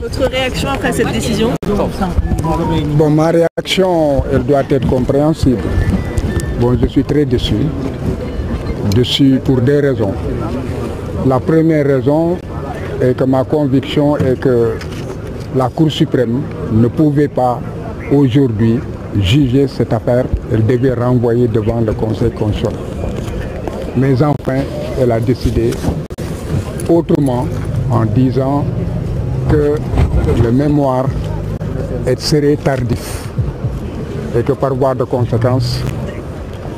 Votre réaction après cette décision Bon, ma réaction, doit être compréhensible. je suis très déçu. Déçu pour des raisons. La première raison est que ma conviction est que la Cour suprême ne pouvait pas aujourd'hui juger cette affaire. Elle devait renvoyer devant le Conseil constitutionnel. Mais enfin, elle a décidé autrement en disant que le mémoire est serré tardif et que par voie de conséquence,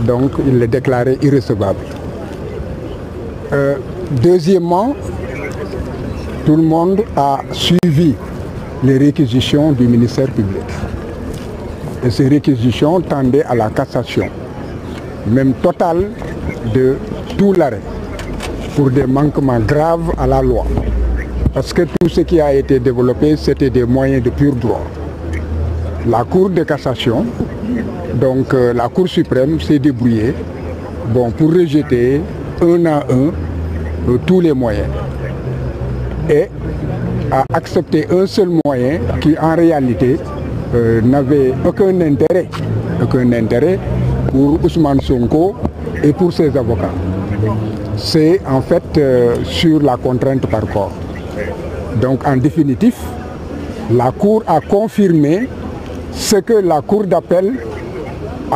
donc il est déclaré irrecevable. Euh, deuxièmement, tout le monde a suivi les réquisitions du ministère public. Et ces réquisitions tendaient à la cassation, même totale, de tout l'arrêt, pour des manquements graves à la loi. Parce que tout ce qui a été développé, c'était des moyens de pur droit. La Cour de cassation, donc euh, la Cour suprême s'est débrouillée bon, pour rejeter un à un euh, tous les moyens et a accepté un seul moyen qui en réalité euh, n'avait aucun intérêt, aucun intérêt pour Ousmane et pour ses avocats. C'est en fait euh, sur la contrainte par corps. Donc en définitif, la Cour a confirmé ce que la Cour d'appel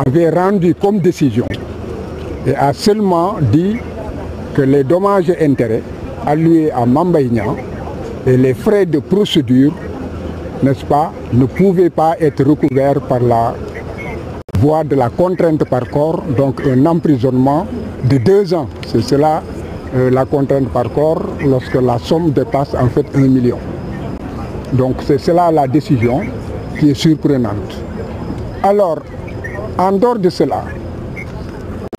avait rendu comme décision et a seulement dit que les dommages et intérêts alloués à Mambaïna et les frais de procédure, n'est-ce pas, ne pouvaient pas être recouverts par la voie de la contrainte par corps, donc un emprisonnement de deux ans. C'est cela euh, la contrainte par corps lorsque la somme dépasse en fait un million. Donc c'est cela la décision qui est surprenante. Alors, en dehors de cela,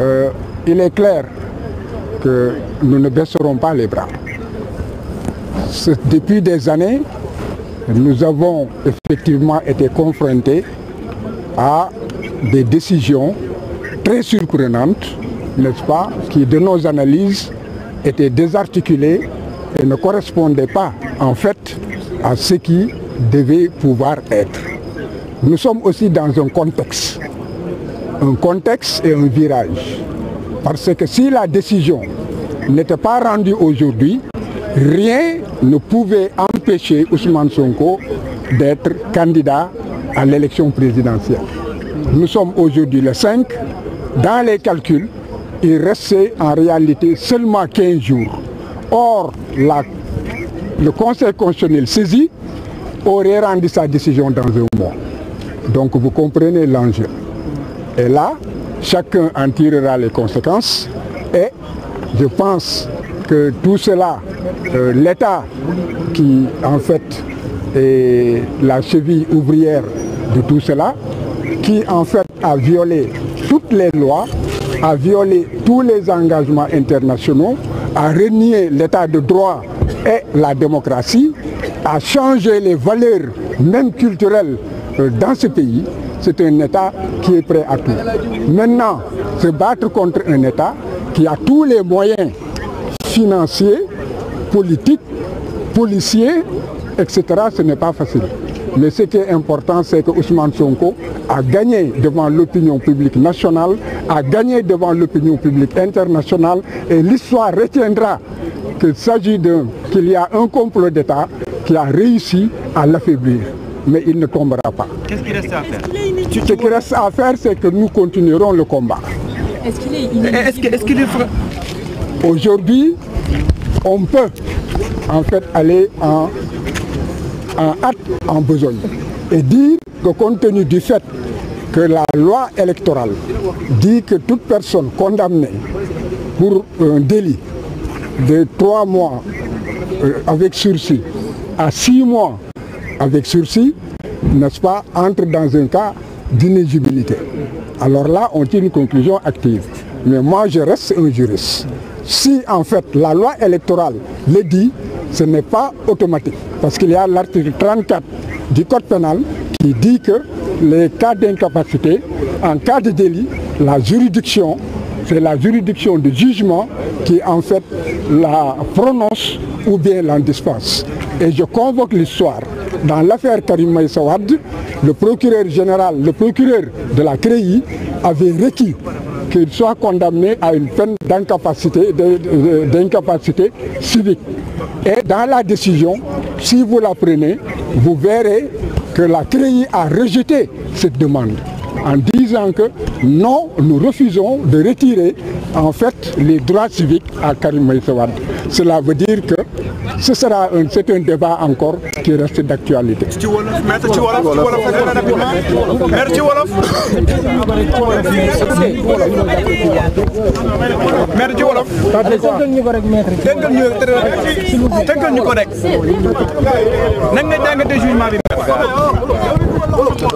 euh, il est clair que nous ne baisserons pas les bras. Depuis des années, nous avons effectivement été confrontés à des décisions très surprenantes, n'est-ce pas, qui de nos analyses était désarticulé et ne correspondait pas en fait à ce qui devait pouvoir être. Nous sommes aussi dans un contexte, un contexte et un virage. Parce que si la décision n'était pas rendue aujourd'hui, rien ne pouvait empêcher Ousmane Sonko d'être candidat à l'élection présidentielle. Nous sommes aujourd'hui le cinq Dans les calculs, il restait en réalité seulement 15 jours. Or, la, le Conseil constitutionnel saisi aurait rendu sa décision dans un mois. Donc vous comprenez l'enjeu. Et là, chacun en tirera les conséquences et je pense que tout cela, euh, l'État qui en fait est la cheville ouvrière de tout cela, qui en fait a violé toutes les lois, à violer tous les engagements internationaux, à renier l'état de droit et la démocratie, à changer les valeurs, même culturelles, euh, dans ce pays, c'est un État qui est prêt à tout. Maintenant, se battre contre un État qui a tous les moyens financiers, politiques, policiers, etc., ce n'est pas facile. Mais ce qui est important, c'est que Ousmane Sonko a gagné devant l'opinion publique nationale, a gagné devant l'opinion publique internationale et l'histoire retiendra qu'il s'agit d'un, qu'il un complot d'État qui a réussi à l'affaiblir. Mais il ne tombera pas. ce qu'il reste à faire? Ce qu'il reste à faire, c'est que nous continuerons le combat. Aujourd'hui, on peut en fait aller en en hâte, en besogne. Et dire que compte tenu du fait que la loi électorale dit que toute personne condamnée pour un délit de trois mois euh, avec sursis à six mois avec sursis, n'est-ce pas, entre dans un cas d'inéligibilité. Alors là, on tire une conclusion active. Mais moi, je reste un juriste. Si en fait la loi électorale le dit, ce n'est pas automatique, parce qu'il y a l'article 34 du Code pénal qui dit que les cas d'incapacité, en cas de délit, la juridiction, c'est la juridiction de jugement qui en fait la prononce ou bien l'en dispense. Et je convoque l'histoire. Dans l'affaire Karim Maïsawad, le procureur général, le procureur de la CREI avait requis qu'il soit condamné à une peine d'incapacité civique. Et dans la décision, si vous la prenez, vous verrez que la CREI a rejeté cette demande en disant que non, nous refusons de retirer en fait les droits civiques à Karim Wade. Cela veut dire que ce sera un c'est un débat encore qui reste d'actualité. ci wolof maître ci wolof ci wolof maître ci wolof. tënkal ñu ko rek maître. tënkal ñu ko tënkal ñu ko te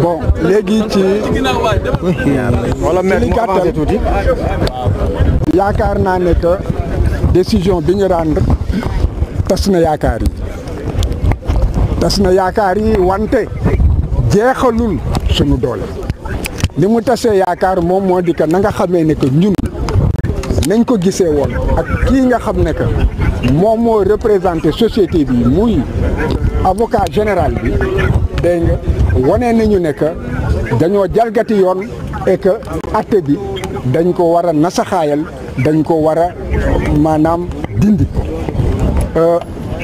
bon léegi ci. wala mel mu tuuti. yaakaar naa ne que décision bi ñu rendre tas na yaakaar yi tas na yaakaar yi wante jeexalul sunu doole. li mu tasee yaakaar moom moo di que xamee ne ñun. nañ ko gisee woon ak kii nga xam ne que moom moo représenté société bi muy avocat général bi dégg nga wane nañu ne que dañoo jalgati yoon et que atte bi dañ ko war a nasaxaayal dañ ko war a maanaam dindi euh,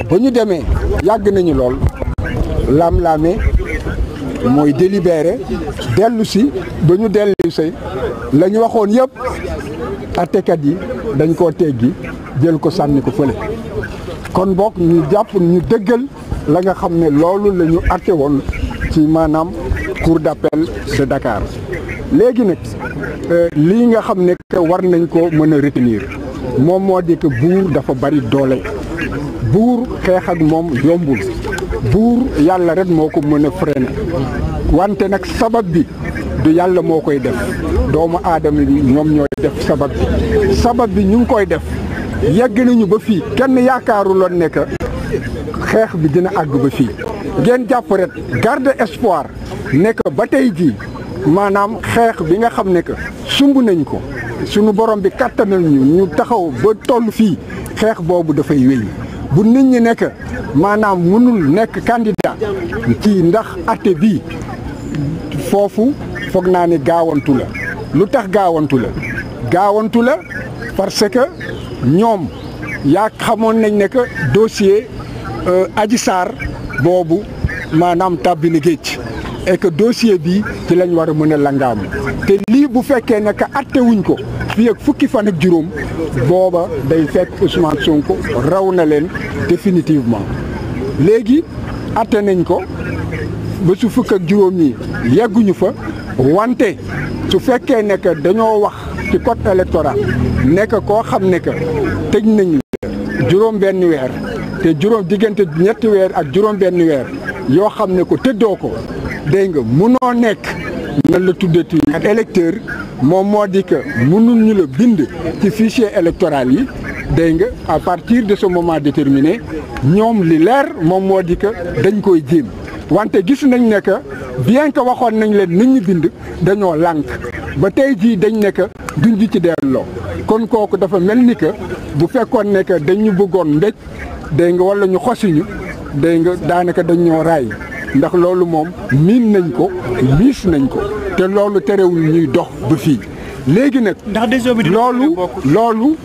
ba ñu demee yàgg nañu lool lam-laame mooy délibéré dellu si ba ñu dellu si la ñu waxoon yëpp àttekat yi dañ koo teggi jël ko sànni ko fële kon bokk ñu jàpp ñu dëggal la nga xam ne loolu lañu ñu woon ci maanaam cour d'appel de Dakar léegi nag euh, lii nga xam ne que war nañ ko mën a retenir moom moo di que buur dafa bari doole buur xeex ak moom yombul buur yàlla rek moo ko mën a freiner wante nag sabab bi du yàlla moo koy def doomu aadama yi ñoom ñoo def sabab bi ñu ngi koy def yegg nañu ba fii kenn yaakaaruloon ne que xeex bi dina àgg ba fii ngeen jàpp rek garde espoir nekk ba tey jii maanaam xeex bi nga xam ne que sumb nañ ko sunu borom bi kattanal ñu ñu taxaw ba toll fii xeex boobu dafay wéy bu nit ñi nekk maanaam mënul nekk candidat ci ndax atte bi foofu foog naa ne gaawantu la lu tax gaawantu la gaawantu la parce que ñoom yaa xamoon nañ ne que dossier euh, Adji Sarr boobu maanaam tàbbi géej et que dossier bi ci lañ war a mën a langaamu te lii bu fekkee ne que ko fii ak fukki fan ak juróom booba day fekk Ousmane Sonko raw na leen définitivement léegi atte nañ ko ba su fukk ak juróom yi yegguñu fa wante su fekkee nekk dañoo wax ci code électoral nekk koo xam ne que tëj nañ juróom benn weer te juróom diggante ñetti weer ak juróom benn weer yoo xam ne ko tëddoo ko dégg nga munoo nekk nan la tuddati ak électeur moom moo di que mënul ñu la bind ci fichier électoral yi dégg nga à partir de sa moment déterminé ñoom li leer moom moo di que dañ koy jéem wante gis nañ ne que bien que waxoon nañ leen nit ñi bind dañoo lànk ba tey jii dañ ne que duñ ju ci delloo kon kooku dafa mel ni que bu fekkoon ne que dañu bëggoon mbéj day nga wala ñu xosiñu day nga daanaka dañ ñoo raay ndax loolu moom miin nañ ko miis nañ ko te loolu terewul ñuy dox ba fii léegi nag loolu loolu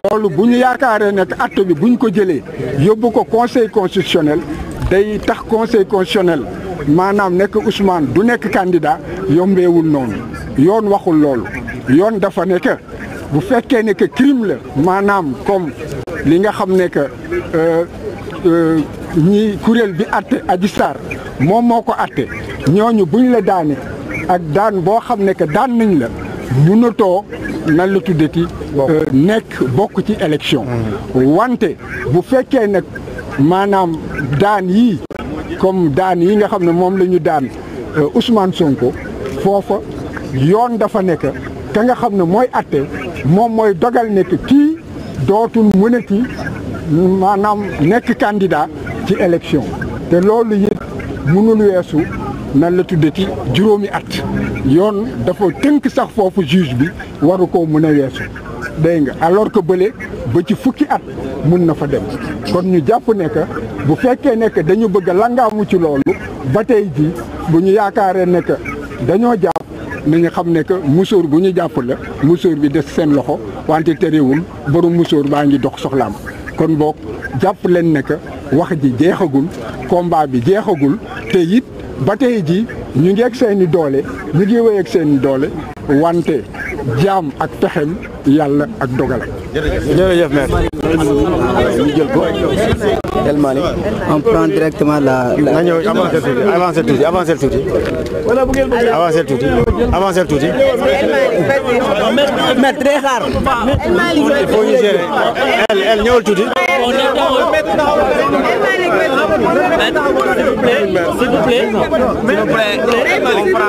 loolu bu ñu yaakaaree ne acte bi bu ñu ko jëlee yóbbu ko conseil constitutionnel day tax conseil constitutionnel maanaam nekk Ousmane du nekk candidat yombewul noonu yoon waxul loolu yoon dafa nekk bu fekkee ne que crime la maanaam comme li nga xam ne que euh, euh, ñi kuréel bi atte Adji Sarr moom moo ko atte ñooñu buñ la daane ak daan boo xam ne que daan nañ la mënatoo nan la tuddati euh, nekk bokk ci élection mm. wante bu fekkee nag maanaam daan yii comme daan yi nga xam ne moom la ñu daan euh, Ousmane Sonko foofa yoon dafa nekk ka nga xam ne mooy atte moom mooy dogal nekk kii dootul mënati maanaam nekk candidat ci élection te loolu it mënul weesu nan la tuddati juróomi at yoon dafa tënk sax foofu juge bi waru koo mun a weesu dégg nga alors que bële ba ci fukki at mun na fa dem kon ñu jàpp ne bu fekkee nekk dañu bëgg langaamu ci loolu ba tey ji bu ñu yaakaaree nekk dañoo jàpp nañu xam ne que musóor bu ñu jàpp la musóor bi des seen loxo wante terewul borom musóor baa ngi dox soxlaam kon boog jàpp leen ne que wax ji jeexagul combat bi jeexagul te it ba tey ji ñu ngi ak seen i doole ñu ngi wéy ak seen doole wante jaam ak pexem yàlla ak dogalam jërëjëf maire ñu jël ko El Malick on prend directement la nga ñëw avancé tuuti avancé tuuti avancé tuuti avancé tuuti maître day xaar il faut ñu gérer el el ñëwal tuuti s'il vous plaît